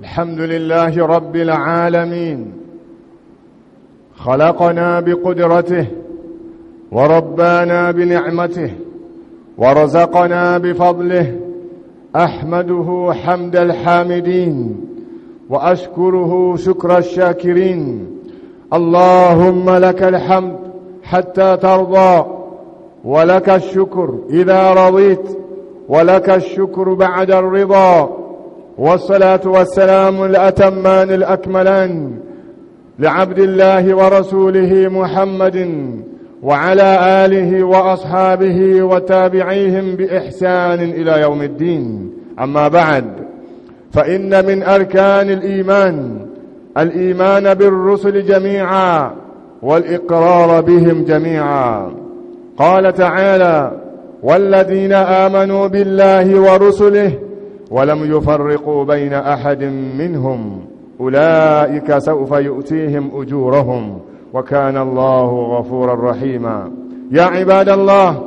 الحمد لله رب العالمين خلقنا بقدرته وربانا بنعمته ورزقنا بفضله أحمده حمد الحامدين وأشكره شكر الشاكرين اللهم لك الحمد حتى ترضى ولك الشكر إذا رضيت ولك الشكر بعد الرضا والصلاة والسلام الأتمان الأكملان لعبد الله ورسوله محمد وعلى آله وأصحابه وتابعيهم بإحسان إلى يوم الدين أما بعد فإن من أركان الإيمان الإيمان بالرسل جميعا والإقرار بهم جميعا قال تعالى والذين آمنوا بالله ورسله ولم يفرقوا بين أحد منهم أولئك سوف يؤتيهم أجورهم وكان الله غفورا رحيما يا عباد الله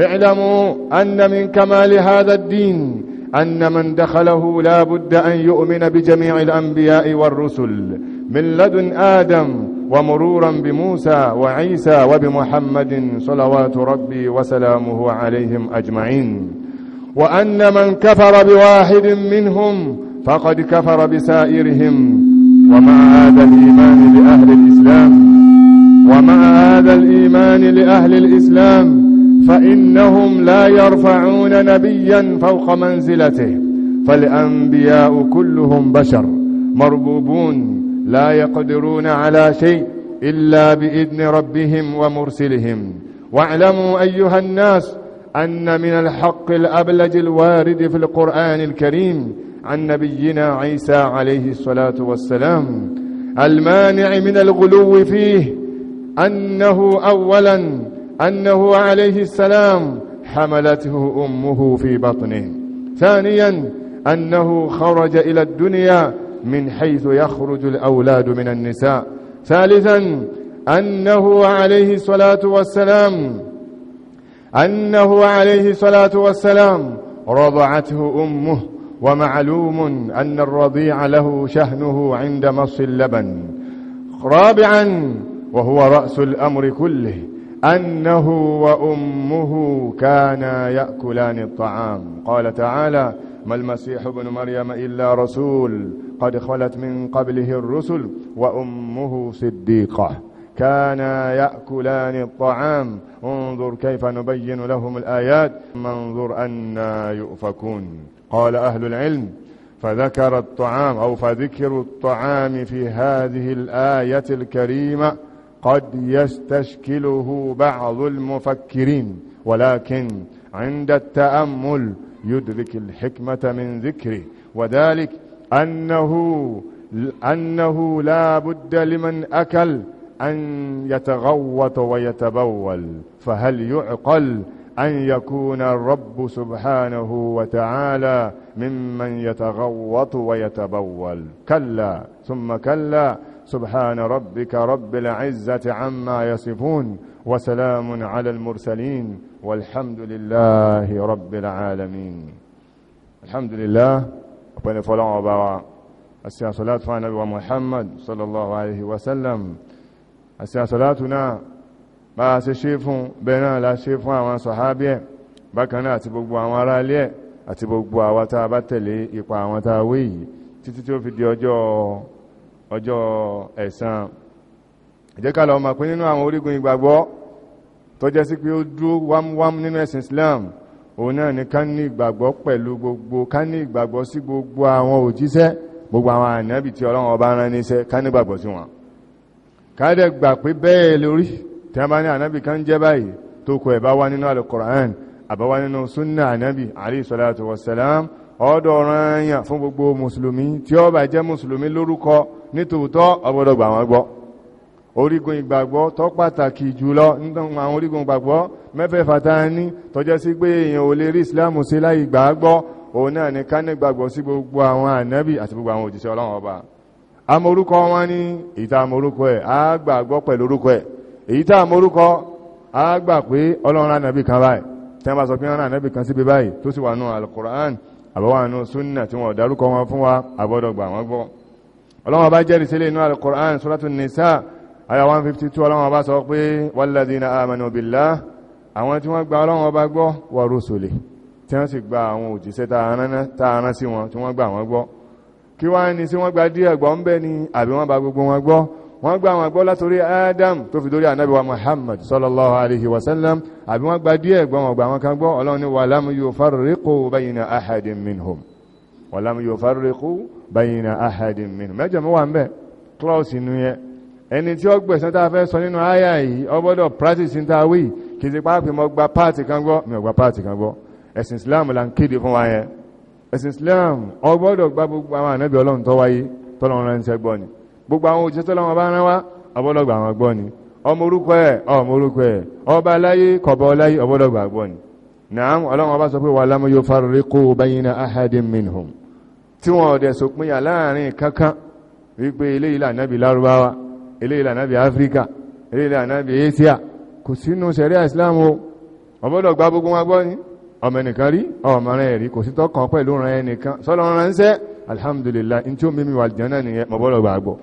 اعلموا أن من كمال هذا الدين أن من دخله لا بد أن يؤمن بجميع الأنبياء والرسل من لدن آدم ومرورا بموسى وعيسى وبمحمد صلوات ربي وسلامه عليهم أجمعين وأن من كفر بواحد منهم فقد كفر بسائرهم ومع هذا الإيمان لأهل الإسلام ومع هذا الإيمان لأهل الإسلام فإنهم لا يرفعون نبيا فوق منزلته فالأنبياء كلهم بشر مربوبون لا يقدرون على شيء إلا بإذن ربهم ومرسلهم واعلموا أيها الناس أن من الحق الأبلج الوارد في القرآن الكريم عن نبينا عيسى عليه الصلاة والسلام المانع من الغلو فيه أنه أولا أنه عليه السلام حملته أمه في بطنه ثانيا أنه خرج إلى الدنيا من حيث يخرج الأولاد من النساء ثالثا أنه عليه الصلاة والسلام أنه عليه الصلاة والسلام رضعته أمه ومعلوم أن الرضيع له شهنه عند مص اللبن رابعا وهو رأس الأمر كله أنه وأمه كانا يأكلان الطعام قال تعالى ما المسيح ابن مريم إلا رسول قد خلت من قبله الرسل وأمه صديقة كانا يأكلان الطعام انظر كيف نبين لهم الآيات منظر أنا يؤفكون قال أهل العلم فذكر الطعام أو فذكر الطعام في هذه الآية الكريمة قد يستشكله بعض المفكرين ولكن عند التأمل يدرك الحكمة من ذكره وذلك أنه, أنه لا بد لمن أكل أن يتغوط ويتبول فهل يعقل أن يكون الرب سبحانه وتعالى ممن يتغوط ويتبول كلا ثم كلا سبحان ربك رب العزة عما يصفون وسلام على المرسلين والحمد لله رب العالمين الحمد لله وبني فلان وبارا السيا صلاة فانا محمد صلى الله عليه وسلم السيا صلاتنا ما سيشيفون بينا لا شيفون عن صحابي بكنا أتبقوا عن ورالي أتبقوا وتابتلي إقوى وتاوي تتتو في دي أجو أجو إسان ìjẹ́ká lọ mọ̀ pé nínú àwọn orígun ìgbàgbọ́ tó jẹ́ sí pé ó dúró wámúwámú nínú ẹ̀sìn Islam òun náà ni ká ní ìgbàgbọ́ pẹ̀lú gbogbo ká ní ìgbàgbọ́ sí gbogbo àwọn òjíṣẹ́ gbogbo àwọn ànábì tí Ọlọ́run ọba rán níṣẹ́ ká ní ìgbàgbọ́ sí wọn ká dẹ̀ gbà pé bẹ́ẹ̀ lórí tí quran àbáwá nínú súnà ànábì alayhi salatu wassalam ọ̀dọ̀ ọ̀ranyàn fún gbogbo mùsùlùmí tí ó bá jẹ́ mùsùlùmí lórúkọ nítòótọ́ orígun ìgbàgbọ́ tó pàtàkì jùlọ nínú àwọn orígun ìgbàgbọ́ mẹ́fẹ̀ẹ̀fà tá ní tọ́jẹ́ sí pé èèyàn ò lè rí islam sí láì gbàgbọ́ òun náà ní ká ní gbàgbọ́ sí gbogbo àwọn ànábì àti gbogbo àwọn òjíṣẹ́ ọlọ́run ọba amorúkọ wọn ní ìta amorúkọ ẹ̀ á gbàgbọ́ pẹ̀lú orúkọ ẹ̀ èyí tá amorúkọ á gbà pé ọlọ́run ànábì kan báyìí tí wọ́n bá sọ pé ọlọ́run ànábì kan síbi báyìí ọba jẹ́rìí sílẹ̀ inú alukur'an suratul nisa àyà 152 ọlọ́run ọba sọ pé walladhina amanu billah àwọn tí wọ́n gba ọlọ́run ọba gbọ́ wa rusuli tí wọ́n sì gba àwọn òjíṣẹ́ tààrán sí wọn tí wọ́n gba wọn gbọ́ kí wá ní sí wọ́n gba díẹ̀ gbọ́ ń bẹ́ ni àbí wọ́n bá gbogbo wọn gbọ́ wọ́n gba wọn gbọ́ látorí Adam tó fi dórí ànábì wa Muhammad sallallahu alaihi wasallam àbí wọ́n gba díẹ̀ gbọ́ wọn gbà wọn kan gbọ́ ọlọ́run ni walam yufarriqu bayna ahadin minhum walam yufarriqu bayna ahadin minhum mẹ́jọ mọ́ wà ń bẹ́ klọ́ọ̀sì nú yẹn ẹni tí ó ẹ̀sán tá a fẹ́ sọ nínú àyà yìí ọ gbọ́dọ̀ practice ní ta kì í ṣe mọ́ gba páàtì kan gbọ́ mi ò gba páàtì kan gbọ́ ẹ̀sìn Islam là ń kéde fún wa yẹn ẹ̀sìn Islam ọ gbọ́dọ̀ gba gbogbo àwọn ànábì Ọlọ́run tó wáyé tọ́lọ́run gbọ́ gbogbo àwọn òjíṣẹ́ tọ́lọ́run bá wá ọ gbọ́dọ̀ eléyìí lànàbí áfíríkà eléyìí lànàbí asia kò sínú sẹ̀ríà islam o ọbọ́dọ̀ gba gbogbo wọn gbọ́ ni ọmọ ẹnìkan rí ọmọ rẹ̀ rí kò sí tọ́kàn pẹ̀lú rẹ̀ ẹnìkan sọ́lọ́ ránṣẹ́ alhamdulillah in tí ó mímí wà jẹ́nà nìyẹn mọ̀bọ́dọ̀ gbàgbọ́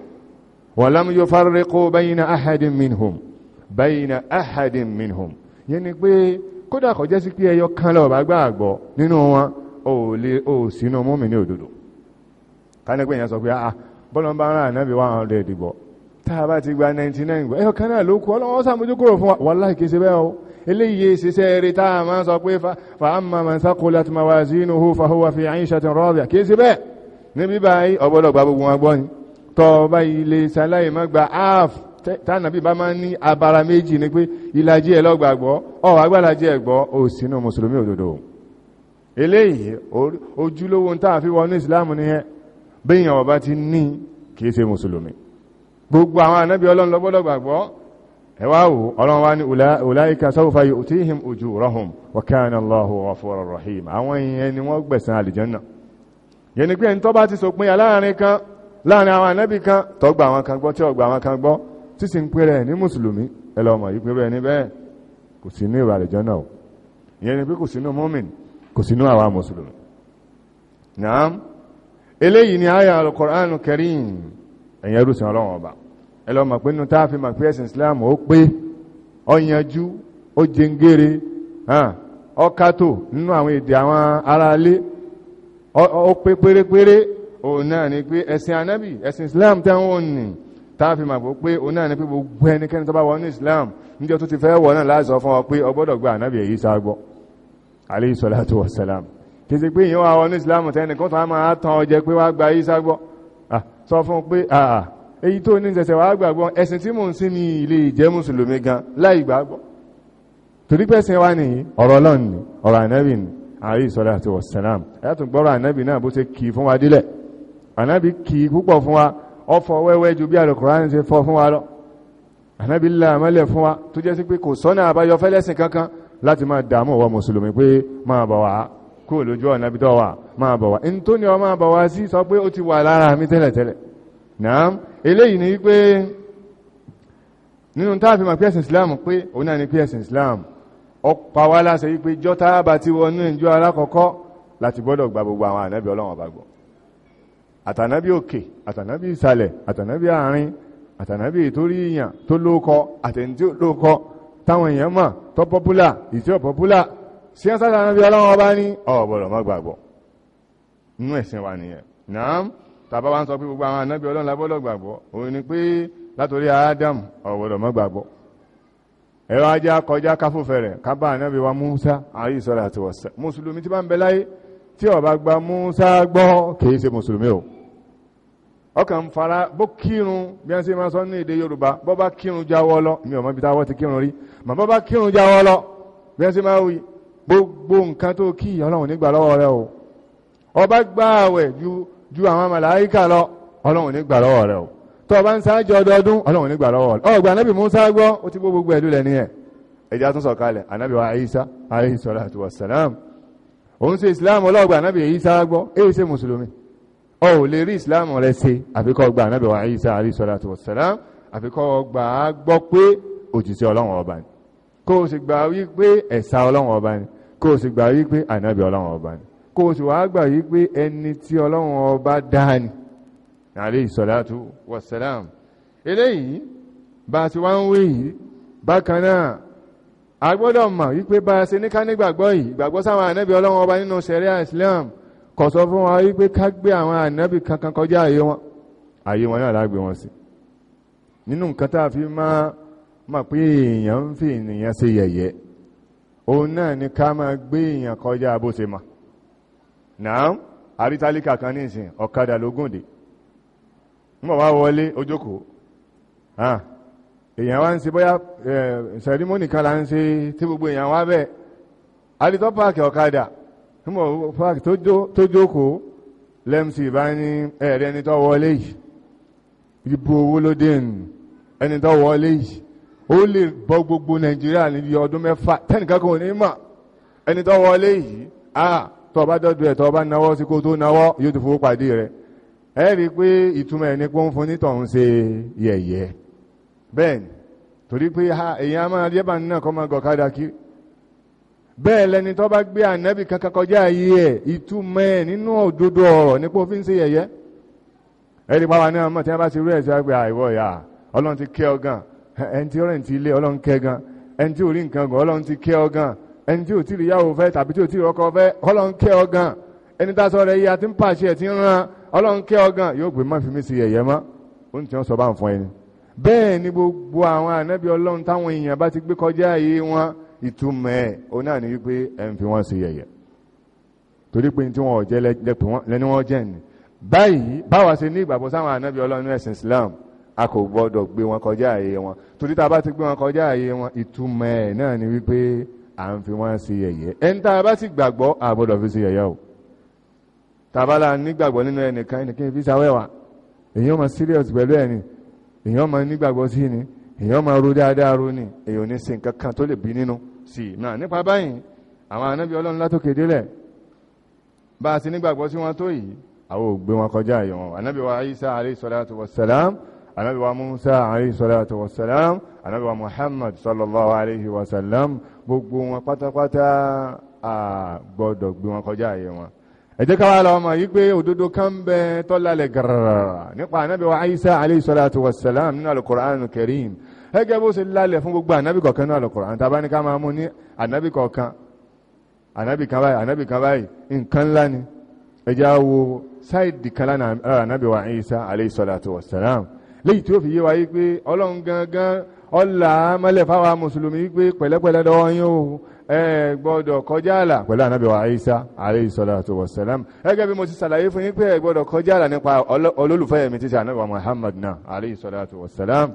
tá a bá ti gba 99 gbà ẹ̀yọ̀ kan náà ló kú ọlọ́wọ́ sàmójú kúrò fún wa láì kìí ṣe bẹ́ẹ̀ o eléyìí ṣiṣẹ́ rí tá a máa sọ pé fa'amma man saqulat mawazinuhu fahuwa fi 'ishatin radiya kìí ṣe bẹ́ẹ̀ níbi báyìí ọgbọ́dọ̀ gba gbogbo wọn gbọ́ ni tọ́ bá ilé ṣaláì má gba áàf tánà bí bá máa ní abara méjì ni pé ìlàjì ẹ̀ lọ́gbàgbọ́ gbogbo àwọn ànábì ọlọ́run lọ́gbọ́dọ̀ gbàgbọ́ ẹwà wò ọlọ́run wá ní ulaika sawfa yu'tihim ujurahum wa kana Allahu ghafurur rahim àwọn èèyàn ni wọ́n gbẹ̀san àlìjẹ́nà yẹni pé ẹni tó bá ti sòpin aláàrin kan láàrin àwọn ànábì kan tó gba àwọn kan gbọ́ tí ó gba àwọn kan gbọ́ tí sì ń eléyìí ni àyà al-Qur'anu karim ẹ̀yìn ẹrùsìn ọlọ́run ọba ẹlọ́mọ̀ pé nínú táàfi mọ̀ pé ẹ̀sìn Islam ó pé ọ̀yanjú ó jẹngere ọkàtò nínú àwọn èdè àwọn aráalé ó pé pérépéré òun náà ni pé ẹ̀sìn anábì ẹ̀sìn Islam táwọn nì táàfi mọ̀ pé òun náà ni pé gbogbo ẹnikẹ́ni tó bá wọnú Islam níjọ́ tó ti fẹ́ wọ̀ náà láti sọ fún ọ pé ọ gbọ́dọ̀ gba anábì èyí sá gbọ́ alayhi salatu wassalam kìí ṣe pé ìyẹn wà wọnú Islam tẹ́nìkan tó á máa tán ọ jẹ pé wá gba èyí sá gbọ́ sọ fún pé àà èyí tó ní ṣẹ̀ṣẹ̀ wàá gbàgbọ́ ẹ̀sìn tí mò ń sìn ní ilé ìjẹ́ mùsùlùmí gan láì gbàgbọ́ torí pé ẹ̀sìn wa nìyí ọ̀rọ̀ ọlọ́run ni ọ̀rọ̀ ànábì ni àrí ìsọ̀rọ̀ àti wọ̀sálàm ẹ̀yàtò gbọ́rọ̀ ànábì náà bó ṣe kì í fún wa dílẹ̀ ànábì kì í púpọ̀ fún wa ọfọ wẹ́wẹ́ ju bí àlùkùránì ṣe fọ fún wa lọ ànábì là mọ́lẹ̀ fún wa tó jẹ́ sí pé kò sọ́nà àbáyọ fẹ́lẹ́sìn kankan láti máa dààmú ọwọ́ mùsùlùmí pé máa bọ̀ wá kúrò lójú ọ̀nà bí wà máa bọ̀ wá in tó ní ọ máa bọ̀ wá sí sọ pé ó ti wà lára mi tẹ́lẹ̀tẹ́lẹ̀ náà eléyìí ni wípé nínú táàfin ma pẹ́sìn Islam pé òun náà ni pẹ́sìn Islam ọpa wá láṣẹ wípé jọ táàbà ti wọnú ìjọ alákọ̀ọ́kọ́ láti gbọ́dọ̀ gba gbogbo àwọn ànábì Ọlọ́run ọba gbọ́ àtànábì òkè àtànábì ìsàlẹ̀ àtànábì àárín àtànábì ìtorí ìyàn tó lóókọ àtẹ̀ntí lóókọ táwọn èèyàn mọ̀ tó pọ́pùlà ìtí ọ̀pọ̀pùlà sí ẹ́sàtànábì ní ọ̀bọ̀lọ̀ mọ́gbàgbọ́ nínú ẹ̀sìn wa nìyẹn náà tàbá wa ń sọ pé gbogbo àwọn anábì ọlọ́run lábọ́lọ́ gbàgbọ́ òun ni pé látòrí Ádámù ọ̀wọ̀dọ̀ mọ́ gbàgbọ́ ẹ̀rọ ajá kọjá káfófẹ́ rẹ̀ kábà anábì wa Musa alayhi salatu wassalam mùsùlùmí tí bá ń bẹ láyé tí ó bá gba Musa gbọ́ kìí ṣe mùsùlùmí o ọkàn fara bó kírun bí wọ́n ṣe máa sọ ní èdè Yorùbá bọ́ bá kírun jáwọ́ lọ mi ò mọ ibi táwọ́ ti kírun rí mà bọ́ bá kírun jáwọ́ lọ bí wọ́n ṣe máa wí gbogbo nǹkan tó kí ọlọ́run nígbà lọ́wọ́ rẹ o ọba gba àwẹ̀ ju ju àwọn màláíkà lọ ọlọ́run ní gbà lọ́wọ́ rẹ o tó ọba ń sáájú ọdọọdún ọlọ́run ní gbà lọ́wọ́ rẹ ọgbà anábì Musa gbọ́ ó ti gbó gbogbo ẹ̀dú lẹ̀ nìyẹn ẹ̀jẹ̀ àtúnṣọ kalẹ̀ anábì wa Isa alayhi salatu wassalam òun ṣe Islam ọlọ́gbà anábì Isa gbọ́ èyí ṣe mùsùlùmí ọ ò lè rí Islam rẹ ṣe àfikọ́ gba anábì wa Isa alayhi salatu wassalam kó o sì gbà wí ẹ̀sà ọlọ́run ọba ni kó o sì gbà wí ànábì ọlọ́run ọba ni kó o sì wá gbà yí pé ẹni tí ọlọ́run ọba dá ni alayhi salatu wassalam eléyìí bá a ti wá ń wé yìí bákan náà a gbọ́dọ̀ mọ̀ wípé bá a ṣe ní ká nígbàgbọ́ yìí ìgbàgbọ́ sáwọn ànábì ọlọ́run ọba nínú sẹ̀ríà Islam kò sọ fún wa wípé ká gbé àwọn ànábì kankan kọjá àyè wọn àyè wọn náà lágbé wọn sí nínú nǹkan tá a fi máa mọ̀ pé èèyàn ń fi ènìyàn ṣe yẹ̀yẹ́ òun náà ni ká máa gbé èèyàn kọjá bó ṣe mọ̀ náà àrítálíkà kan ní ìsìn ọ̀kadà lógúnde mọ̀ wá wọlé ojókòó èèyàn wá ń ṣe bóyá sẹ̀rímónì kan là ń ṣe tí gbogbo èèyàn wá bẹ́ẹ̀ àrítọ́ páàkì ọ̀kadà mọ̀ páàkì tó jókòó lẹ́mùsì bá ní ẹ̀rí ẹni tó wọlé yìí ibu owó ló dé nù ẹni tó wọlé yìí ó lè bọ́ gbogbo Nàìjíríà níbi ọdún mẹ́fà tẹ́nìkan kò ní mọ̀ ẹni tó wọlé yìí tó bá dọ́dọ̀ ẹ̀ tó bá náwọ́ sí kó tó náwọ́ yóò ti fowó pàdé rẹ̀ ẹ rí i pé ìtumọ̀ ẹ̀ pé ń fún nítọ̀hún ṣe yẹ̀yẹ́ bẹ́ẹ̀ torí pé lẹni tó bá gbé ànábì kankan kọjá ayé ẹ̀ ìtumọ̀ ẹ̀ nínú òdodo ọ̀rọ̀ ṣe yẹ̀yẹ́ tí bá ti rú ẹ̀ sí àìwọ̀ ọlọ́run ti kẹ́ ẹni tí ò tí ì yàwó fẹ́ tàbí tí ò tí ì ọkọ fẹ́ ọlọ́run kẹ́ ọ gan ẹni tá a sọ rẹ̀ yìí àti ń pàṣẹ ẹ̀ ti ń ran ọlọ́run kẹ́ ọ gan yóò gbé má fi mí sí ẹ̀yẹ mọ́ ó ń tí wọ́n sọ bá ń fún ẹni. bẹ́ẹ̀ ni gbogbo àwọn ànábì ọlọ́run táwọn èèyàn bá ti gbé kọjá ayé wọn ìtumọ̀ ẹ̀ òun náà ni wípé ẹ̀ ń fi wọ́n sí ẹ̀yẹ torí pé tí wọn ò jẹ́ lẹ́ni wọ́n jẹ́ ni báyìí báwa ṣe ní ìgbàgbọ́ sáwọn ànábì ọlọ́run ẹ̀sìn Islam a kò gbọ́dọ̀ gbé wọn kọjá ayé wọn torí tá a bá ti gbé wọn kọjá ayé wọn ìtumọ̀ ẹ̀ náà ni wípé à ń fi wọ́n sí yẹ̀yẹ́ ẹni tá a bá sì gbàgbọ́ àbọ̀dọ̀ fi sí yẹ̀yẹ́ o tàbálà nígbàgbọ́ nínú ẹnìkan ẹnìkan fi sáwẹ́wà èyàn máa serious pẹ̀lú ẹni èyàn máa nígbàgbọ́ sí ni èyàn máa ro dáadáa ro ni èyàn ní sin kankan tó lè bí nínú sí i náà nípa báyìí àwọn anábì ọlọ́run látòkè délẹ̀ bá a sì nígbàgbọ́ sí wọn tó yìí àwọn ò wọn kọjá àyè wọn anábì wa Isa alayhi salatu wa salam anábì wa Musa alayhi salatu wa salam anábì wa Muhammad sallallahu alayhi wa salam gbogbo wọn pátápátá a gbọ́dọ̀ gbé wọn kọjá àyè wọn ẹ jẹ́ ká wá lọ ọmọ yìí pé òdodo kan bẹ tọ́lálẹ̀ gàràrà nípa ànábì wa Isa alayhi salatu wa salam nínú alukur'anu karim ẹgẹ́ bó ṣe lálẹ̀ fún gbogbo ànábì kọ̀ọ̀kan nínú alukur'an tàbá ní ká máa mú ní ànábì kọ̀ọ̀kan ànábì kan báyìí ànábì kan báyìí nǹkan ńlá ni ẹ jẹ́ wo sáìdì kan lánàá ànábì wa Isa alayhi salatu wa salam léyìí tí ó fi yé wa yìí pé ọlọ́run gangan ọ̀là mọ́lẹ̀ fáwọn mùsùlùmí wípé pẹ̀lẹ́pẹ̀lẹ́ dọ́wọ́ yín o ẹ gbọ́dọ̀ kọjá àlà pẹ̀lú ànábì wa Isa alayhi salatu wa salam ẹgẹ́ bí mo ti ṣàlàyé fún yín pé ẹ gbọ́dọ̀ kọjá àlà nípa olólùfẹ́ mi títí ànábì wa Muhammad náà alayhi salatu wa salam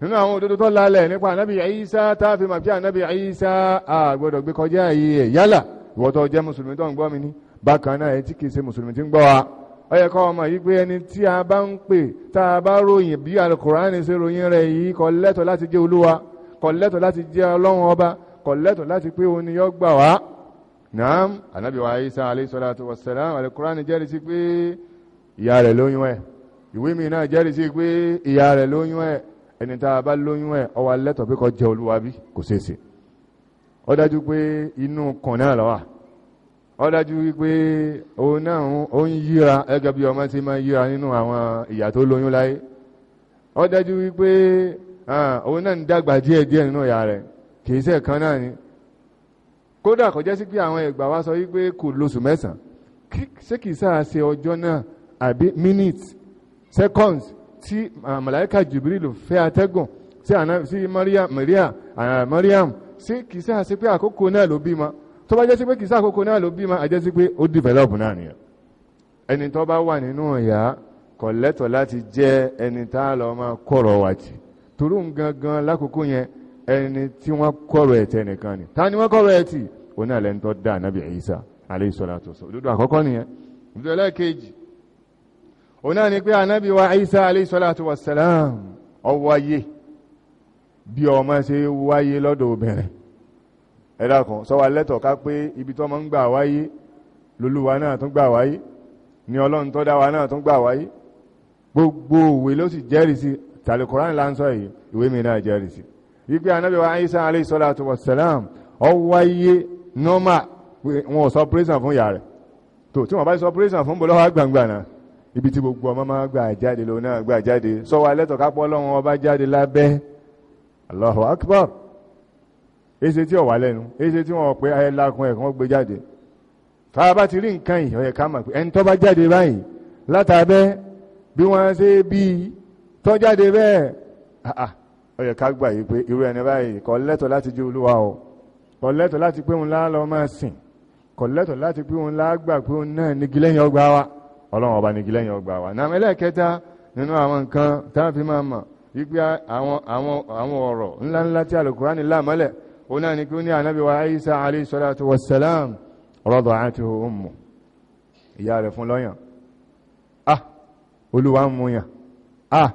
nínú àwọn òdodo tó lálẹ̀ nípa ànábì Isa tá a fi mà pé ànábì Isa a gbọ́dọ̀ gbé kọjá yìí yálà ìwọ jẹ́ mùsùlùmí tó ń gbọ́ mi ní bákan náà ẹ tí kì í ṣe mùsùlùmí tí ń gbọ́ wa ó yẹ kọ́ ọmọ yìí pé ẹni tí a bá ń pè tá a bá ròyìn bí alukur'ani ṣe ròyìn rẹ̀ yìí kò lẹ́tọ̀ọ́ láti jẹ́ olúwa kò lẹ́tọ̀ọ́ láti jẹ́ ọlọ́run ọba kò lẹ́tọ̀ọ́ láti pé òun ni yó gbà wá. naam anabi wa isa alayhi salatu wa salam alukur'ani jẹ́rìí sí pé ìyá rẹ̀ lóyún ẹ̀ ìwé mi náà jẹ́rìí sí pé ìyá rẹ̀ lóyún ẹ̀ ẹni tá a bá lóyún ẹ̀ ó wà pé kó jẹ́ olúwa bí kò ṣeé ṣe pé inú kan náà ló wà ọdájú wípé òun náà ó ń yíra ẹgẹ bí ọmọ tí máa yíra nínú àwọn ìyá tó lóyún láyé ọdájú wípé òun náà ń dàgbà díẹ̀ díẹ̀ nínú ìyá rẹ̀ kìí ṣe kan náà ni kódà kò jẹ́ sí pé àwọn ìgbà wa sọ wípé kò lóṣù mẹ́sàn ṣé kìí sáà ṣe ọjọ́ náà àbí minutes seconds tí màláíkà Jibril fẹ́ atẹ́gùn sí Maria Maria Mariam ṣé kìí sáà ṣe pé àkókò náà ló bímọ tó bá jẹ́ sí pé kìí sàkókò náà ló bímọ àjẹ́ sí pé ó develop náà nìyẹn ẹni tó bá wà nínú ìyá kò lẹ́tọ̀ láti jẹ́ ẹni tá a lọ máa kọ̀rọ̀ wà jì torú gangan lákòókò yẹn ẹni tí wọ́n kọ̀rọ̀ ẹ̀ nìkan ni ta ni wọ́n kọ̀rọ̀ ẹ̀ tì ó dá ànábì Ìsá alayhi salatu wassalam òdodo àkọ́kọ́ nìyẹn òdodo ẹlẹ́ẹ̀kejì ó náà ni wa Ìsá alayhi salatu wassalam ó wáyé bí ọmọ ṣe wáyé lọ́dọ̀ ẹ̀dá kan sọ wa lẹ́tọ̀ ká pé ibi tó máa ń gbà wáyé lolúwa náà tún gbà wáyé ni ọlọ́run tó dá wa náà tún gbà wáyé gbogbo òwe ló sì jẹ́rìí sí tàlùkùránì là ń yìí ìwé mi náà jẹ́rìí sí wípé anábì wa Isa alayhi salatu wa salam ọ wáyé nọ́mà wọn ò sọ pírẹ́sàn fún ìyá rẹ̀ tó tí wọ́n bá sọ pírẹ́sàn fún bọ́lọ́wọ́ gbàngbà náà ibi tí gbogbo ọmọ máa gbà jáde lòun náà gbà jáde sọ wa ká pọ́ ọlọ́run ọba jáde lábẹ́ Allahu akbar èsè tí ọ̀wà lẹ́nu èsè tí wọ́n pé ayé lakun ẹ̀kan gbé jáde tá a bá ti rí nǹkan yìí ó yẹ ká mọ̀ pé ẹni tó bá jáde báyìí látàbẹ́ bí wọ́n ṣe bí tó jáde bẹ́ẹ̀ ó ká gbà yìí pé irú ẹni báyìí kò lẹ́tọ̀ láti jẹ́ olúwa o kò lẹ́tọ̀ láti pé òun lá lọ máa sìn kò lẹ́tọ̀ láti pé òun lá gbà pé òun náà nígi lẹ́yìn ọgbà wa ọlọ́run ọba nígi lẹ́yìn ọgbà wa nàmú ẹlẹ́ẹ̀kẹta nínú àwọn nǹkan táwọn fi máa mọ̀ wípé àwọn ọ̀rọ̀ ńláńlá tí Al-Kùránì هنا náà يا نبي وعيسى عليه ànábì والسلام رضعته أمه salatu wassalam rada'atuhu أه ìyá rẹ̀ fún lọ́yàn ah olúwa ń múyàn ah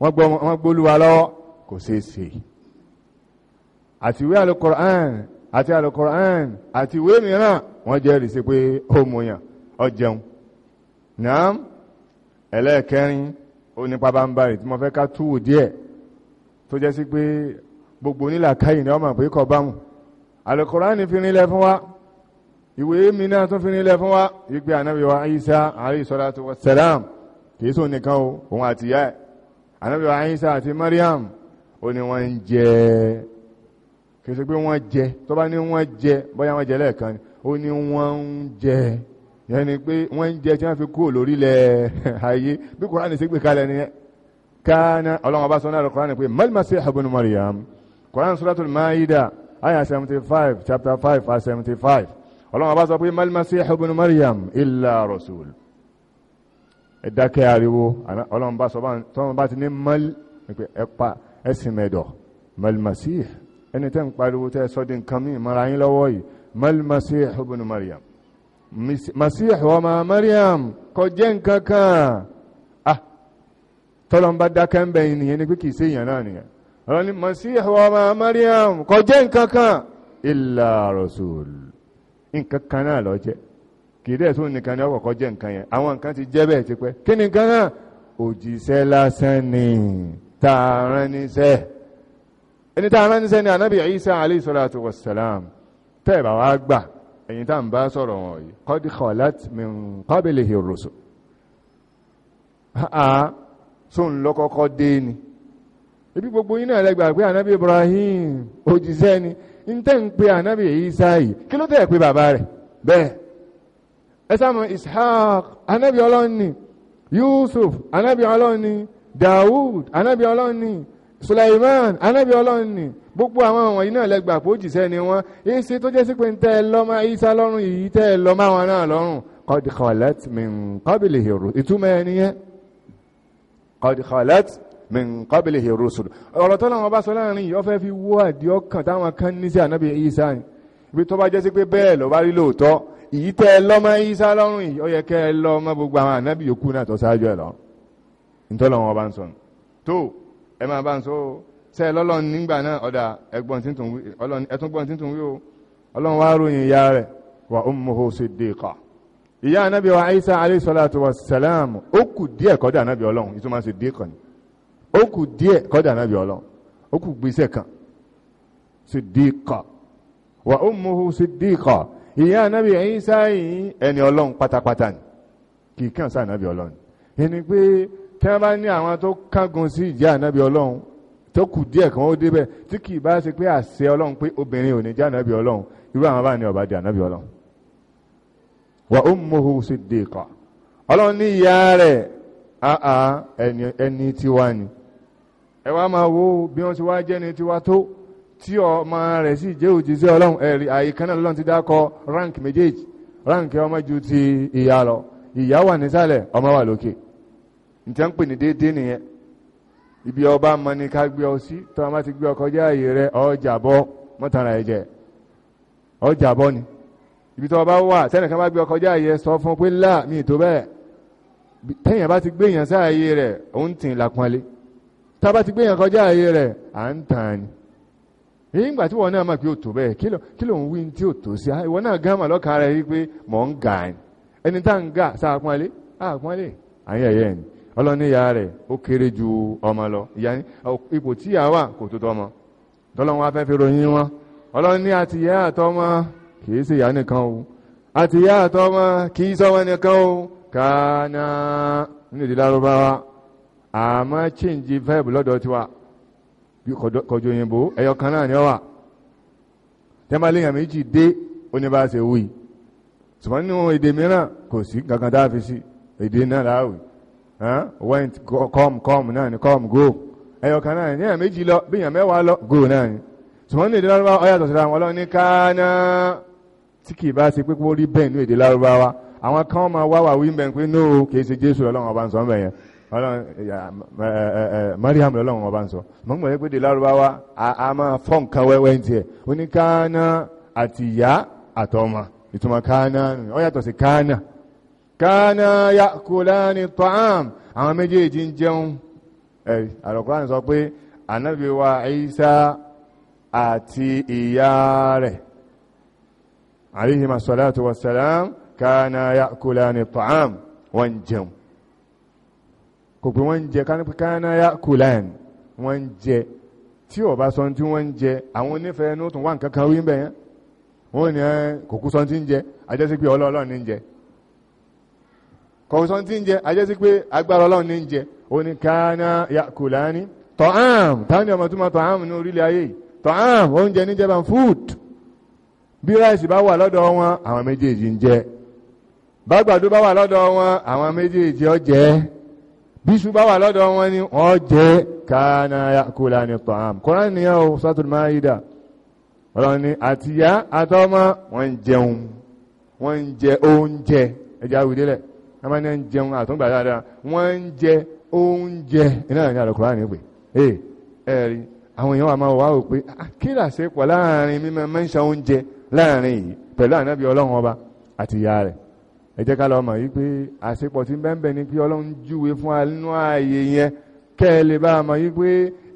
wọ́n gbólúwa lọ́wọ́ kò sí sí àti ìwé alukoran àti alukoran àti ìwé mìíràn wọ́n jẹ́rìí sí pé ó múyàn ó jẹun náà ẹlẹ́ẹ̀kẹrin ó nípa bá ń bá tí mo fẹ́ ká túwò díẹ̀ tó jẹ́ sí pé gbogbo nílà káyì ni ọmọ pé kọ bá mu alukurani fi rinlẹ̀ fún wa ìwé mi náà tún fi rinlẹ̀ fún wa wípé anabi wa Isa alayhi salatu wa salam kì í sọ nìkan o òun àti ìyá ẹ̀ anabi wa Isa àti Mariam ó ní wọ́n ń jẹ kì sọ pé wọ́n jẹ tó bá ní jẹ bóyá wọ́n jẹ lẹ́ẹ̀kan ni ó ní wọ́n ń jẹ yẹn ni pé wọ́n ń jẹ tí wọ́n fi kúrò lórílẹ̀ ayé bí kúránì sí gbé kalẹ̀ nìyẹn káná ọlọ́run ọba sọ náà lọ kúránì pé mal masihu Maryam Quran Suratul Maida aya 75، five chapter five verse seventy five ọlọ́run bá sọ pé malmasih ibn Maryam illa rasul ẹ̀dákẹ́ ariwo ọlọ́run bá sọ bá tọ́wọ́n bá ti ní mal ẹ̀pa ẹ̀sìn mẹ́dọ̀ malmasih ẹni tẹ́ ń pariwo tẹ́ sọ di nǹkan mí mara yín lọ́wọ́ yìí malmasih ibn Maryam masih ọmọ Maryam kò jẹ́ nǹkan kan ah tọ́lọ́run bá dákẹ́ ń bẹ̀yìn nìyẹn ni pé kì í ṣèyàn náà nìyẹn àwọn ni Masih ọmọ Maryam kò jẹ́ nǹkan kan illa rasul nǹkan kan náà ló jẹ́ kìí dẹ̀ tó nìkan ní ọkọ̀ọ̀kọ́ jẹ́ nǹkan yẹn àwọn nǹkan ti jẹ́ bẹ́ẹ̀ ti pẹ́ kí ni nǹkan náà òjíṣẹ́ lásán ni tààrán níṣẹ́ ẹni tààrán níṣẹ́ ni anábì Isa alayhi salatu wassalam tẹ́ bá wá gbà ẹ̀yin tá ń bá sọ̀rọ̀ wọn yìí qad khalat min qablihi rusul ha ha sóun lọ́kọ́kọ́ dé ni ebi gbogbo yín náà lẹ gbà pé ànábì Ibrahim òjìṣẹ́ ni ń tẹ́ ń pe ànábì Isa yìí kí ló tẹ̀ pé bàbá rẹ̀ bẹ́ẹ̀ ẹ sáà mọ̀ Ishaq ànábì Ọlọ́run ni Yusuf ànábì Ọlọ́run ni Dawud ànábì Ọlọ́run ni Sulaiman ànábì Ọlọ́run ni gbogbo àwọn àwọn yìí náà lẹ gbà pé òjìṣẹ́ ni wọ́n èsì tó jẹ́ sí pé ń tẹ́ ẹ lọ́mọ Isa lọ́rùn yìí tẹ́ ẹ lọ́mọ àwọn náà lọ́rùn qad khalat min qablihi ìtumọ̀ ẹ nìyẹn qad khalat min qablihi rusul ọ̀rọ̀ tó lọ́wọ́ bá sọ láàrin yìí ó fẹ́ fi wó àdí ọkàn táwọn kan ní sí ànábì Ìsá ni ibi tó bá jẹ́ sí pé bẹ́ẹ̀ lọ bá rí lóòótọ́ ìyí tẹ́ ẹ lọ́mọ Ìsá lọ́rùn yìí ó yẹ kẹ́ ẹ lọ́mọ gbogbo àwọn ànábì yòókù náà tó ṣáájú ẹ lọ ntọ́lọ́wọ́ bá ń sọ tó ẹ máa bá ń sọ sẹ́ lọ́lọ́run nígbà náà ọ̀dà ẹgbọ́n tuntun wí ọlọ́run wá ròyìn ìyá rẹ̀ wa ummuhu siddiqa ó kù díẹ̀ kọ́dà ànábì ọlọ́run ó kù gbèsè kan sídìkà wà ummuhu sídìkà ìyá ànábì Ìsá yìí ẹni ọlọ́run pátápátá ni kì í kàn sí ànábì ọlọ́run ẹni pé tí wọ́n bá ní àwọn tó kángun sí ìjà ànábì ọlọ́run tó kù díẹ̀ kan ó débẹ̀ tí kì í bá ṣe pé àṣẹ ọlọ́run pé obìnrin ò ní já ànábì ọlọ́run irú àwọn bá ní ọba di ànábì ọlọ́run wà ummuhu sídìkà ọlọ́run ní ìyá rẹ̀ ẹni tiwa ni ẹ wá máa wo bí wọ́n ti wá jẹ́ni tiwa tó tí ọmọ rẹ̀ sì jẹ́ òjíṣẹ́ ọlọ́run ẹ̀rí àyíká náà ti dákọ rank méjèèjì rank ọmọ ju ti ìyá lọ ìyá wà nísàlẹ̀ ọmọ wà lókè nǹkan pè ní déédéé nìyẹn ibi ọba mọ ni ká gbé ọ sí tó ọmọ ti gbé ọ kọjá ààyè rẹ ọjà bọ mọ́tàrà ẹ̀jẹ̀ ọjà bọ ni ibi tó ọba wà tẹ́nìkan bá gbé ọ kọjá ààyè sọ fún pé láà mi ì tó bẹ́ẹ̀ tẹ́yìn bá ti gbé èèyàn sáàyè rẹ̀ òun tì í lápọ́nlé tába ti gbéyàn kọjá ààyè rẹ̀ à ń tàn ni èyí ìgbà tí wọn náà mà pé ó tó bẹ́ẹ̀ kí ló ń wí tí ó tó sí ah, ìwọ náà gán mà lọ́ka rẹ̀ wípé mọ̀ ń gà ni ẹni tá ń gà sáà pọ́nlé àpọ́nlé àyẹ̀yẹ̀ ni ọlọ́ni ìyá rẹ̀ ó kéré ju ọmọ lọ ìyá ni ipò tí ìyá wà kò tó tọmọ tọ́lọ́run wá fẹ́ fi ròyìn wọn ọlọ́ni àti àtọmọ kìí ṣe ìyá nìkan o àti àtọmọ kìí sọmọ nìkan o kàánà nínú ìdílárúbáwá àmọ́ change verb lọ́dọ̀ tiwa kọjú òyìnbó ẹ̀yọ kan náà ni ọ wà tẹ́mbàléyàn méjì dé oníbàṣẹ wí ṣùgbọ́n nínú èdè mìíràn kò sí kankan tá a fi sí èdè náà láàwì went come come náà ni come go ẹ̀yọ kan náà ni ẹ̀yàn méjì lọ bí èèyàn mẹ́wàá lọ go náà ni ṣùgbọ́n ní èdè lárúbáwá ọ̀yà tọ̀síra àwọn ọlọ́run káná tí kì í bá ṣe pé kó rí bẹ́ẹ̀ ní èdè lárúbáwá àwọn kan máa wá wà wí mariam lọ́lọ́run ọba ń sọ mọ̀ ń gbọ́ pé de lárúbáwá a máa fọ́ nǹkan wẹ́wẹ́ ń tiẹ̀ oníkáánà àti ìyá àtọmọ ìtumọ̀ káánà ó yàtọ̀ sí káánà káánà yakulani ta'am àwọn méjèèjì ń jẹun ẹ̀rí àlọ́kùnrin sọ pé ànábì wa Ìsá àti ìyá rẹ̀ alayhima salatu wassalam káánà yakulani ta'am wọ́n jẹun kò pé wọ́n ń jẹ kánáyà kùláìn wọ́n ń jẹ tí ò bá sọ tí wọ́n ń jẹ àwọn onífẹ̀ẹ́ inú tún wà nǹkan kan wí ń bẹ̀ yẹn wọ́n ní kò kú sọ tí ń jẹ ajẹ́sí pé ọlọ́ọ̀lọ́ ní ń jẹ kò sọ tí ń jẹ ajẹ́sí pé agbára ọlọ́ọ̀ ní ń jẹ ó kánáyà kùláìn tọ́ám táwọn ọmọ tó máa tọ́ám ní orílẹ̀ ayé tọ́ám oúnjẹ ní jẹba food bí ráìsì bá wà lọ́dọ̀ wọn àwọn méjèèjì ń jẹ bágbàdo bá wà lọ́dọ̀ wọn àwọn méjèèjì ó jẹ bíṣu bá wà lọ́dọ̀ wọn ni wọ́n jẹ́ káàna yàkúlà ní tọ́hám Kùránì yẹn o sọ́tún máa yí dà ọ̀rọ̀ ni àtìyá àtọ́mọ́ wọ́n jẹun wọ́n jẹ oúnjẹ ẹja wìdílẹ̀ ẹmọ́ ní jẹun àtúngbà dáadáa wọ́n jẹ oúnjẹ iná ní àlùkùránì ní pé ẹ̀rí àwọn èèyàn wà máa wà ó pé ah, kíláàsì pọ̀ láàrin mímọ́ mẹ́ńṣà oúnjẹ láàrin yìí pẹ̀lú ànábì ọlọ́run ọba àtìyá rẹ̀ ẹ jẹ́ ká lọ mọ̀ yí pé àṣepọ̀ tí bẹ́ẹ̀ ni pé ọlọ́run júwe fún alínú ààyè yẹn kẹ́ ẹ lè bá a mọ̀ yí pé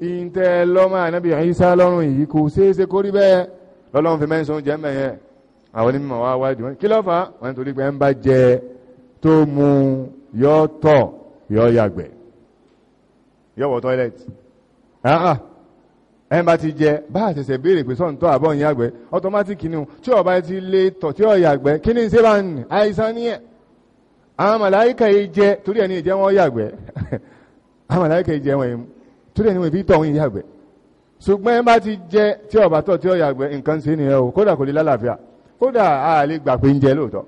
ìǹtẹ́ lọ́mọ ànábì Ìsá lọ́rùn yìí kò ṣeéṣe kó rí bẹ́ẹ̀ lọ́lọ́run fi mẹ́sàn-án jẹ́ mẹ́ yẹn àwọn onímọ̀ wá wádìí wọn kí ló wọn torí pé ń bá jẹ tó mu yọ tọ̀ yọ yàgbẹ́ yọ wọ tọ́ílẹ̀tì ẹ̀ bá ti jẹ bá àṣẹṣẹ béèrè pé sọ́ǹtọ́ àbọ̀ yín àgbẹ̀ ọtọmátìkì ni tí ọba ti lé tọ̀ tí ọ̀yà àgbẹ̀ kí ni ṣé bá ń àìsàn ní ẹ̀ àwọn màláìkà yìí jẹ torí ẹni ìjẹ wọn yàgbẹ́ àwọn màláìkà yìí jẹ wọn yìí torí ẹni wọn ìfi tọ̀ yàgbẹ́ ṣùgbọ́n ẹ ti jẹ tí ọba tọ̀ tí ọ̀yà àgbẹ̀ nǹkan ṣe nìyẹn o kódà kò lè lálàáfíà kódà a lè gbà pé ń jẹ lóòótọ́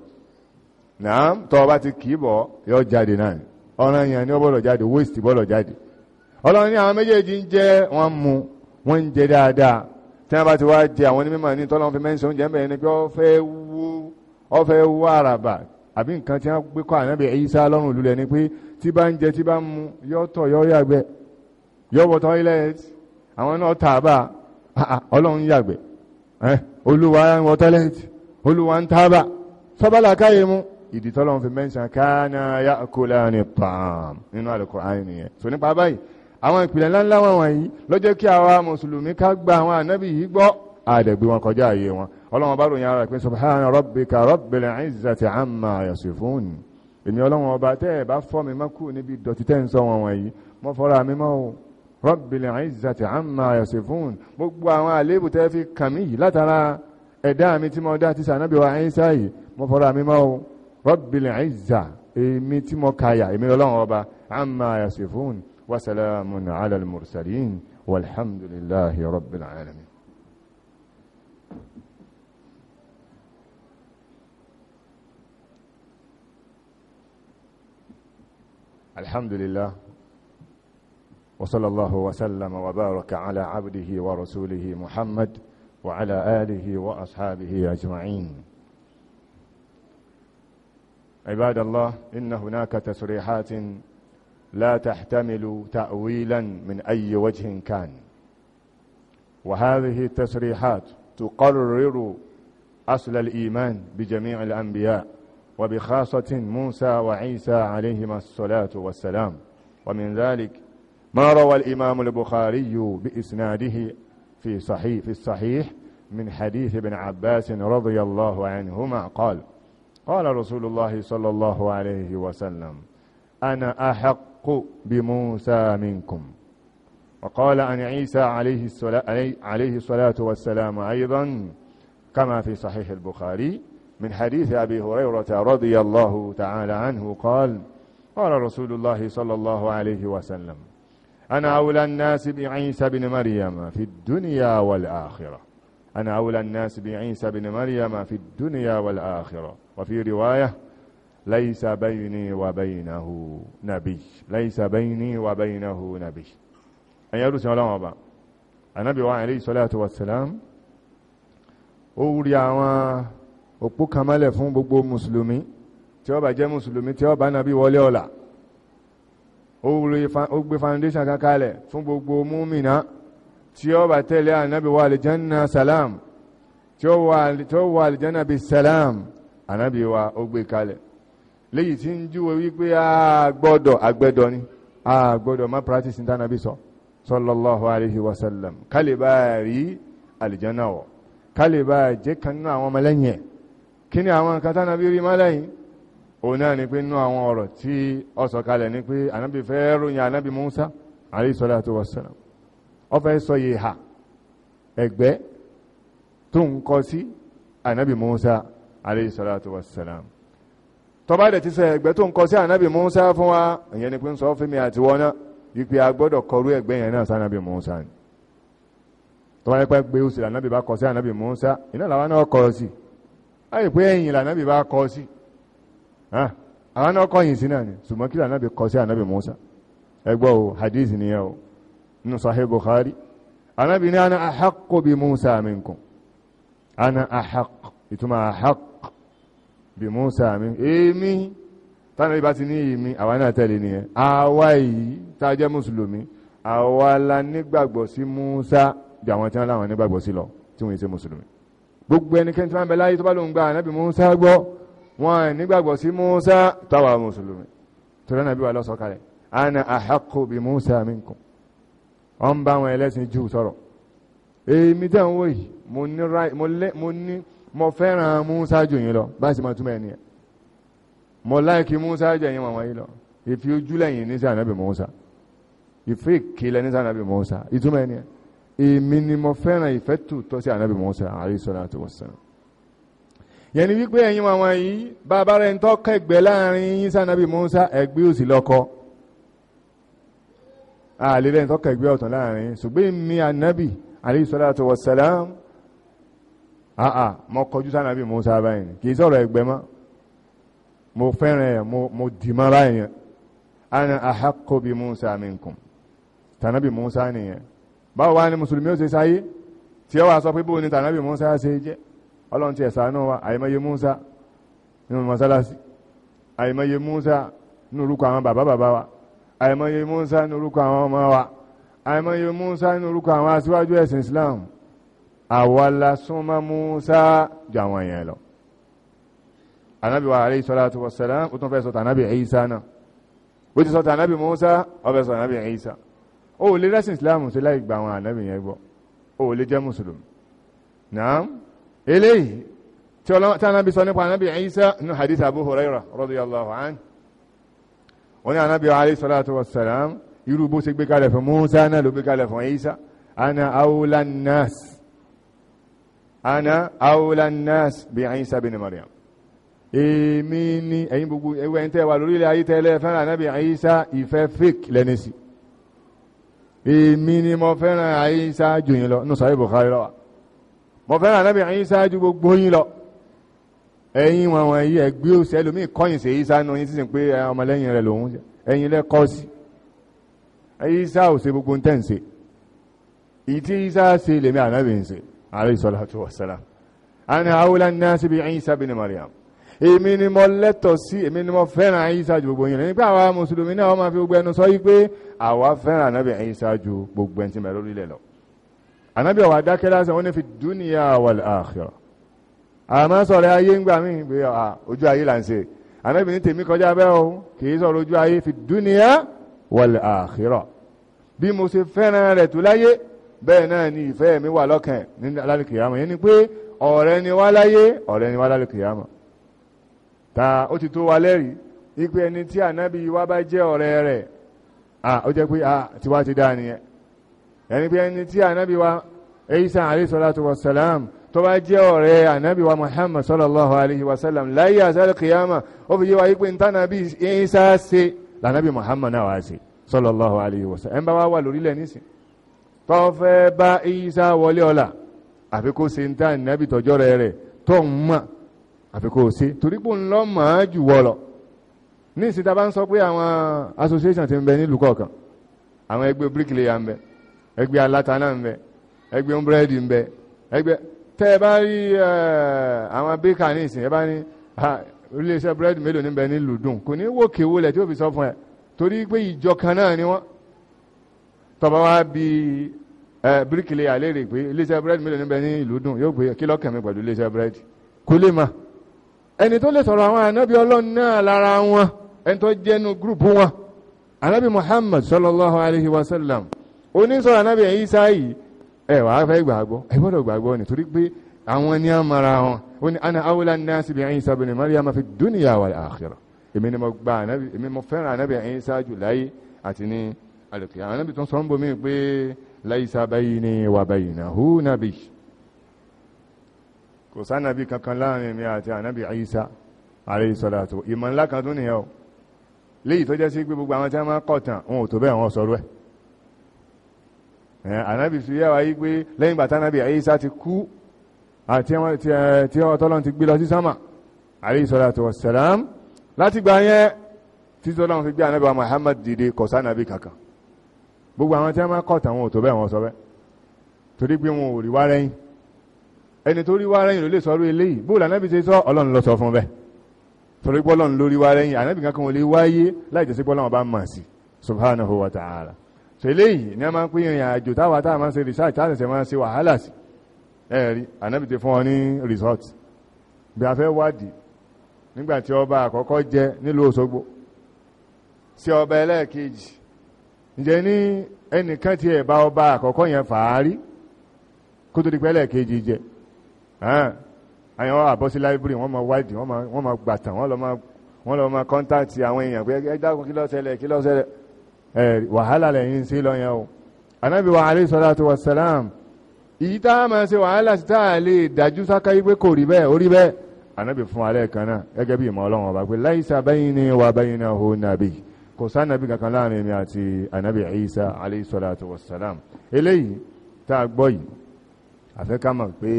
náà tọ́ ọba ti kì ni ó bọ̀lọ̀ waste bọ̀lọ̀ jáde ọlọ́run ní àwọn méjèèjì ń jẹ wọn mu wọ́n ń jẹ dáadáa tí wọ́n bá ti wá jẹ àwọn onímọ̀ ní tọ́lọ́ fi mẹ́sàn oúnjẹ mẹ́rin ni pé ó fẹ́ wú ó fẹ́ wú àràbà àbí nǹkan tí wọ́n gbé kọ́ ànábì Ìsá lọ́rùn lulẹ̀ ni pé tí bá ń jẹ tí bá ń mu yọ́ tọ̀ yọ́ yàgbẹ́ yọ́ wọ toilet àwọn náà tà bá ọlọ́run yàgbẹ́ olúwa ń wọ toilet olúwa ń tà bá sọ́bàlà káyé mu ìdí tọ́lọ́run fi mẹ́sàn káná yà kólá ní pàm nínú àlùkò àyè nìyẹn so nípa báyìí àwọn ìpìlẹ̀ ńláńlá wọn wọ̀nyí ló jẹ́ kí àwa mùsùlùmí ká gba àwọn ànábì yìí gbọ́ àdẹ̀gbé wọn kọjá àyè wọn ọlọ́wọ́n bá ròyìn ara rẹ̀ pé subhana rabbika rabbil izzati amma èmi ọlọ́wọ́n ọba tẹ́ ẹ̀ bá fọ́ mi mọ́kù níbi dọ̀tí tẹ́ ń sọ wọn wọ̀nyí mọ́ fọ́ra mi mọ́ o rabbil izzati amma yasifun gbogbo àwọn àléébù tẹ́ fi kàn mí yìí látara ẹ̀dá mi tí mo dá ti sànábì wa Ìsá yìí mọ́ fọ́ra mi mọ́ o rabbil izza èmi tí mo kàyà èmi ọlọ́wọ́n ọba amma yasifun وسلام على المرسلين والحمد لله رب العالمين الحمد لله وصلى الله وسلم وبارك على عبده ورسوله محمد وعلى آله وأصحابه أجمعين عباد الله إن هناك تسريحات لا تحتمل تأويلا من أي وجه كان وهذه التصريحات تقرر أصل الإيمان بجميع الأنبياء وبخاصة موسى وعيسى عليهما الصلاة والسلام ومن ذلك ما روى الإمام البخاري بإسناده في صحيح في الصحيح من حديث ابن عباس رضي الله عنهما قال قال رسول الله صلى الله عليه وسلم أنا أحق الحق بموسى منكم وقال عن عيسى عليه الصلاة, عليه الصلاة والسلام أيضا كما في صحيح البخاري من حديث أبي هريرة رضي الله تعالى عنه قال قال رسول الله صلى الله عليه وسلم أنا أولى الناس بعيسى بن مريم في الدنيا والآخرة أنا أولى الناس بعيسى بن مريم في الدنيا والآخرة وفي رواية ليس بيني وبينه نبي ليس بيني وبينه نبي أن يرسل الله أبا النبي عليه الصلاة والسلام ó rí àwọn òpó kan mọ́lẹ̀ fún gbogbo mùsùlùmí tí ó bá jẹ́ mùsùlùmí tí ó bá nàbí wọlé ọ̀la ó gbé foundation kan kalẹ̀ fún gbogbo múmìnà tí ó bá tẹ̀lé ànábì wà àlìjánná salam tí ó wà àlìjánná bí salam ànábì wa ó gbé kalẹ̀ léyìí tí ń júwe wípé àgbọ́dọ̀ àgbẹ́dọ̀ ni àgbọ́dọ̀ má practice ní tánàbí sọ sallallahu alaihi wasallam kálíbà rí àlìjánà wọ̀ kálíbà jẹ́ kan nínú àwọn ọmọlẹ́yìn ẹ̀ kí ni àwọn nǹkan tánàbí rí mọ́lẹ́yìn òun náà ni pé nínú àwọn ọ̀rọ̀ tí ó sọ kalẹ̀ ni pé ànábì fẹ́ ròyìn ànábì Musa alaihi salatu wasallam ó fẹ́ sọ yìí hà ẹgbẹ́ tó ń kọ sí ànábì Musa alaihi salatu wasallam tọ́ba dẹ̀ ti sọ ẹ̀gbẹ́ tó ń kọ sí ànábì musa fún wa ìyẹn ni pé ń sọ fẹ́mi àti wọn náà wípé a gbọ́dọ̀ kọrú ẹ̀gbẹ́ yẹn náà sànábì musa ni tọ́ba yẹn pẹ́ gbé oṣù lànábì bá kọ sí ànábì musa iná làwọn náà kọ sí láyé pé ẹ̀yìn lànábì bá kọ sí àwọn náà kọyìn sí náà ni ṣùgbọ́n kí lànábì kọ sí ànábì musa ẹgbọ́ o hadith nìyẹn o nínú sahih bukhari ànábì ní ana ahakko bi musa minkum ana ahakko ìtumọ̀ ahakko bí Musa mi èmi tánà ibà ti ní èmi àwa náà tẹ̀lé nìyẹn àwa yìí tá a jẹ́ mùsùlùmí àwa la nígbàgbọ́ sí Musa ju àwọn tí wọ́n láwọn nígbàgbọ́ sí lọ tí wọ́n yìí ṣe mùsùlùmí gbogbo ẹnikẹ́ni tí wọ́n bẹ láyé tó bá lóun gba ànábì Musa gbọ́ wọn nígbàgbọ́ sí Musa táwa mùsùlùmí torí náà bí wà lọ́sọ̀ kalẹ̀ ana ahaqqu bí Musa minkum wọ́n bá wọn ẹlẹ́sìn Júù sọ̀rọ̀ èmi tẹ̀ yìí mo ní mo fẹ́ràn Musa jù yín lọ bá sì máa túmọ̀ ẹni ẹ̀ mo láìkí Musa jù yín wọ̀nyí lọ ìfi ojú lẹ́yìn ní sí ànábì Musa ìfẹ́ ìkìlẹ̀ ní sí ànábì Musa ìtúmọ̀ ẹni ẹ̀ èmi ni mo fẹ́ràn ìfẹ́ tòótọ́ sí ànábì Musa alayhi salatu wassalam yẹn ni wípé ẹ̀yin wọn yìí bàbá rẹ̀ ń tọ́kọ̀ ẹgbẹ́ láàrin yín sí Musa ẹgbẹ́ òsì lọ́kọ́ àlè rẹ̀ ń tọ́kọ̀ ẹgbẹ́ ọ̀tọ̀ láàrin ṣùgbọ́n mi ànábì alayhi salatu wassalam àà ah, ah, mo kọjú sànàbí Musa báyìí ni kì í sọ̀rọ̀ ẹgbẹ́ mọ́ mo fẹ́ràn ẹ̀ mo dì báyìí yẹn ana ahaqqu bi Musa minkum tànàbí Musa nìyẹn báwo wá ní mùsùlùmí ó ṣe sáyé tí ó wà sọ pé bóun ni tànàbí Musa ṣe jẹ́ ọlọ́run ti ẹ̀sà náà wa àìmọye Musa nínú mọ́sálásí àìmọye Musa nínú orúkọ àwọn bàbá bàbá wa àìmọye Musa nínú orúkọ àwọn ọmọ wa àìmọye Musa nínú orúkọ àwọn aṣíwájú ẹ̀sìn Islam àwa la súnmọ́ Musa ju àwọn yẹn lọ anabi wa aleyhi salatu wa salam ó tún fẹ́ sọ tànàbì Isa náà bó ti sọ tànàbì Musa ó sọ tànàbì Isa ó lè rẹ́sìn Islam sí láì gba àwọn ànábì yẹn gbọ́ ó lè jẹ́ mùsùlùmí náà eléyìí tí anábì sọ nípa anábì Isa ní hadith Abu Huraira radiyallahu anhu wọ́n ní anábì aleyhi salatu wa salam irú bó ṣe gbé kalẹ̀ fún Musa náà ló gbé kalẹ̀ fún Isa ana awla ana awla nas bi Isa bin Maryam èmi ni ẹ̀yin gbogbo ẹwẹ́ ń tẹ́ wà lórílẹ̀ ayé tẹ́lẹ̀ fẹ́ràn ànábì Isa ìfẹ́ fake lẹ́ni sí èmi ni mo fẹ́ràn Isa jù yín lọ nù sàrí Bukhari lọ́wọ́ mo fẹ́ràn ànábì Isa jù gbogbo yín lọ ẹ̀yin wọn wọn yìí ẹgbẹ́ òsì ẹlòmíì kọ́yìn sí Isa nù yín sísìn pé ọmọlẹ́yìn rẹ̀ lòun ẹ̀yin lẹ́kọ́ sí Isa ò ṣe gbogbo ń ń ṣe ìtí Isa ṣe lèmi ànábì ń ṣe عليه الصلاة والسلام. أنا ana الناس بعيسى بن مريم. Isa bin Maryam èmi ni mo lẹ́tọ̀ọ́ sí èmi ni mo fẹ́ràn Isa ju gbogbo yín lọ nípa àwa mùsùlùmí náà wọ́n máa fi gbogbo ẹnu sọ yí pé àwa fẹ́ràn anábì Isa ju gbogbo ẹni tí mẹ́rin lórílẹ̀ lọ anábì ọ̀wà dákẹ́ lásán wọ́n ní fi dunya wal akhirah àmọ́ sọ̀rọ̀ ayé ń gbà mí pé ojú ayé là ń ṣe anábì ní tèmi kọjá bẹ́ẹ̀ o kì í ojú ayé fi dunya wal akhirah bí mo ṣe fẹ́ràn rẹ̀ tó láyé bẹ́ẹ̀ náà ni ìfẹ́ mi wà lọ́kàn ní alálùkìyàmọ̀ yẹn ni pé ọ̀rẹ́ ni wá láyé ọ̀rẹ́ ni wá lálùkìyàmọ̀ ta ó ti tó wa lẹ́rìí ipe ẹni tí ànábì wa bá jẹ́ ọ̀rẹ́ rẹ̀ ó jẹ́ pé tiwa ti dá nìyẹn ẹni pé ẹni tí ànábì wa Isa alayhi salatu tó bá jẹ́ ọ̀rẹ́ ànábì wa Muhammad sallallahu alayhi wa sallam láyé àsálùkìyàmọ̀ ó fi yé wa ipe ntànàbí Isa ṣe lànàbì Muhammad náà wá ṣe sallallahu alayhi wa sallam ẹ̀ ń bá wa wà lórílẹ̀ nísìnyí tó fẹ́ bá isa wọlé ọ̀la àfi kó ṣe ń tà nábì tọjọ́ rẹ̀ rẹ̀ tó ń mọ̀ àfi kó ṣe torí mọ̀ á jù wọ̀ ní ìsìta bá ń sọ pé àwọn association ti ń bẹ nílùú kọ̀ọ̀kan àwọn ẹgbẹ́ bíríkìlẹ̀yà ń bẹ ẹgbẹ́ alátànà ń bẹ ẹgbẹ́ búrẹ́dì ń bẹ ẹgbẹ́ tẹ́ ẹ bá rí eh, àwọn bíkà ní ìsìn ẹ bá ní iléeṣẹ́ búrẹ́dì mélòó ní bẹ nílùú dùn kò ní wò kéwò tí ó fi sọ fún ẹ torí pé ìjọ kan náà ni wọ́n tọba wa bí ẹ bíríkìlì àlérè pé iléeṣẹ́ búrẹ́dì mélòó níbẹ̀ ní ìlú dùn yóò gbé kí lọ́kàn mi pẹ̀lú iléeṣẹ́ búrẹ́dì kó lè mà ẹni tó lè sọ̀rọ̀ àwọn ànábì ọlọ́run náà lára wọn ẹni tó jẹ́nu gúrùpù wọn ànábì Muhammad sallallahu alayhi wa sallam onísọ̀rọ̀ ànábì ẹ̀yìn sáàyì ẹ wàá fẹ́ gbàgbọ́ ẹ gbọ́dọ̀ gbàgbọ́ nítorí pé àwọn ní àmàrà wọn ó ní ana awla an-nasi bi Isa ibn Maryam fi dunya wal akhirah èmi ni mo gba ànábì èmi mo fẹ́ràn ànábì ẹ̀yìn sáàjù láyé àti ní àlùkìyà ànábì tó sọ ń bomi pé ليس بيني وبينه نبي kò sánàbí kankan láàrin mi àti ànábì Ìsá alayhi salatu ìmọ̀ ńlá kan tún nìyẹn o léyìí tó jẹ́ sí pé gbogbo àwọn tí a máa kọ̀tàn ohun tó bẹ́ẹ̀ wọ́n sọ̀rọ̀ ẹ̀ ànábì fi yá wa yí pé lẹ́yìn bàtà ànábì Ìsá ti kú àti eh, tí ọtọ́lọ́n ti gbé lọ sí sámà alayhi salatu láti gbà yẹn títọ́lọ́n fi gbé ànábì wa Muhammad dìde kò sánàbí kankan gbogbo àwọn tí wọ́n máa kọ̀tà àwọn òtò bẹ́ẹ̀ wọ́n sọ bẹ́ẹ̀ torí pé wọn ò rí wá rẹ́yìn ẹni tó rí wá rẹ́yìn ló lè sọ eléyìí bóòlù anábì ṣe sọ ọlọ́run lọ sọ fún bẹ́ẹ̀ torí pé ọlọ́run ló rí wá rẹ́yìn anábì kankan ò lè wáyé láì jẹ́ sí pé ọlọ́run bá mọ̀ sí subhanahu wa ta'ala so eléyìí ni a máa ń pín ìrìn àjò táwa táwa máa ń ṣe research táwa ṣẹ̀ṣẹ̀ máa ń ṣe wàhálà sí ẹ̀rí anábì ti fún ọ ní resort bí a fẹ́ wádìí nígbà tí ọba àkọ́kọ́ jẹ nílùú Òṣogbo sí ọba ẹlẹ́ẹ̀kejì ǹjẹ́ ní ẹnìkan tí ẹ̀ bá ọba àkọ́kọ́ yẹn fàárí kó tó di pẹ́lẹ̀ kejì jẹ àyàn wà bọ́ sí láìbírì wọ́n máa wádìí wọ́n máa gbàtàn wọ́n lọ máa kọ́ńtàtì àwọn èèyàn pé ẹ dákun kí ló ṣẹlẹ̀ kí ló ṣẹlẹ̀ ẹ wàhálà lẹ́yìn sí lọ yẹn o anábì wa aleyhi salatu wa salam ìyí tá a máa ṣe wàhálà sí tá lè dájú sáká yí pé kò rí bẹ́ẹ̀ ó rí bẹ́ẹ̀ anábì fún alẹ́ kan náà gẹ́gẹ́ bí ìmọ̀ ọlọ́run ọba pé láìsà bayni wa baynahu nabi kò sá nàbí kankan láàrin èmi àti ànábì Isa alayhi salatu wassalam eléyìí tá a gbọ́ yìí àfẹ́ká mọ̀ pé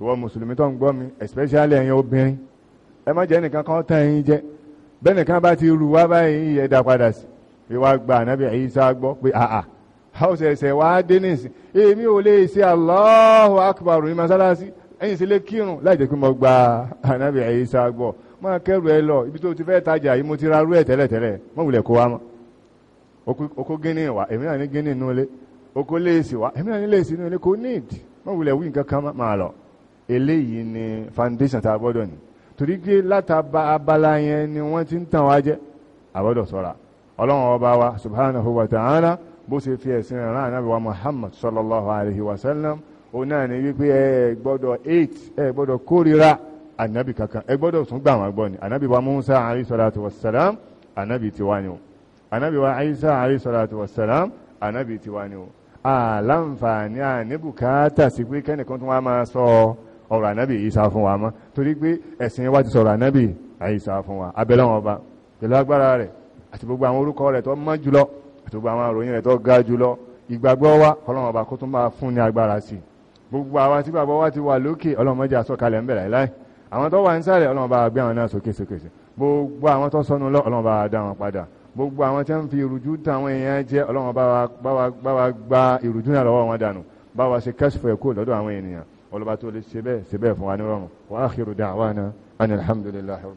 ìwọ mùsùlùmí tó ń gbọ́ mi especially ẹ̀yin obìnrin ẹ má jẹ́ nìkan kan tán ẹ̀yin jẹ́ bẹ́ẹ̀ nìkan bá ti rù wá báyìí ẹ̀ dá padà sí pé gba ànábì Isa gbọ́ pé àà house ẹ̀sẹ̀ wá dé nísìn èmi ò lè ṣe Allahu akbar ní masalasi ẹ̀yìn sí kírun láì jẹ́ pé mo gba ànábì Isa gbọ́ máa kẹrù ẹ lọ ibi tó ti fẹ́ tajà yìí mo ti ra rú ẹ̀ tẹ́lẹ̀tẹ́lẹ̀ mọ́ wulẹ̀ kó wa mọ́ oko gíní wa èmi náà ní gíní inú ilé oko léèsì wa èmi náà ní léèsì inú ilé kò need mọ́ wulẹ̀ wí nǹkan kan máa lọ eléyìí ni foundation tá a gbọ́dọ̀ ní torí pé látàbà abala yẹn ni wọ́n ti ń tàn wá jẹ a gbọ́dọ̀ ọlọ́run ọba wa subhanahu wa ta'ala bó ṣe fi ẹ̀sìn rẹ̀ rán wa muhammad sallallahu alayhi wa sallam òun náà ni wípé ẹ gbọ́dọ̀ eight ẹ gbọ́dọ̀ kórìíra ànábì kankan ẹ gbọ́dọ̀ tún gbà wọ́n gbọ́ ni ànábì wa Musa Ali salatu wa salam ànábì tiwa ni o ànábì wa Isa Ali salatu wa salam ànábì tiwa ni o àlàǹfààní àníbùkátà sí pé kẹ́nìkan tún wá máa sọ ọ̀rọ̀ ànábì Isa fún wa mọ́ torí pé ẹ̀sìn wa ti sọ̀rọ̀ ànábì Isa fún wa abẹ́lẹ́wọ̀n ba pẹ̀lú agbára rẹ̀ àti gbogbo àwọn orúkọ rẹ̀ tó mọ́ jùlọ àti gbogbo àwọn àròyìn rẹ̀ tó ga jùlọ ìgbàgbọ́ wa ọlọ́run ọba kó tún máa fún ní agbára sí gbogbo àwa tí gbàgbọ́ wa ti wà lókè ọlọ́run mọ́jà sọ̀kalẹ̀ ń bẹ̀rẹ̀ láì àwọn tó wà ń sàlẹ̀ ọlọ́run bá gbé àwọn náà sókè sókè sí gbogbo àwọn tó sọnù lọ ọlọ́run bá dá wọn padà gbogbo àwọn tí wọ́n fi ìrújú táwọn èèyàn jẹ́ ọlọ́run bá wa gba ìrújú náà lọ́wọ́ wọn dànù bá wa ṣe kẹ́sìfọ̀ ẹ̀kọ́ lọ́dọ̀ àwọn ènìyàn ọlọ́ba tó lè ṣe bẹ́ẹ̀ ṣe bẹ́ẹ̀ fún wa ní rọrùn wa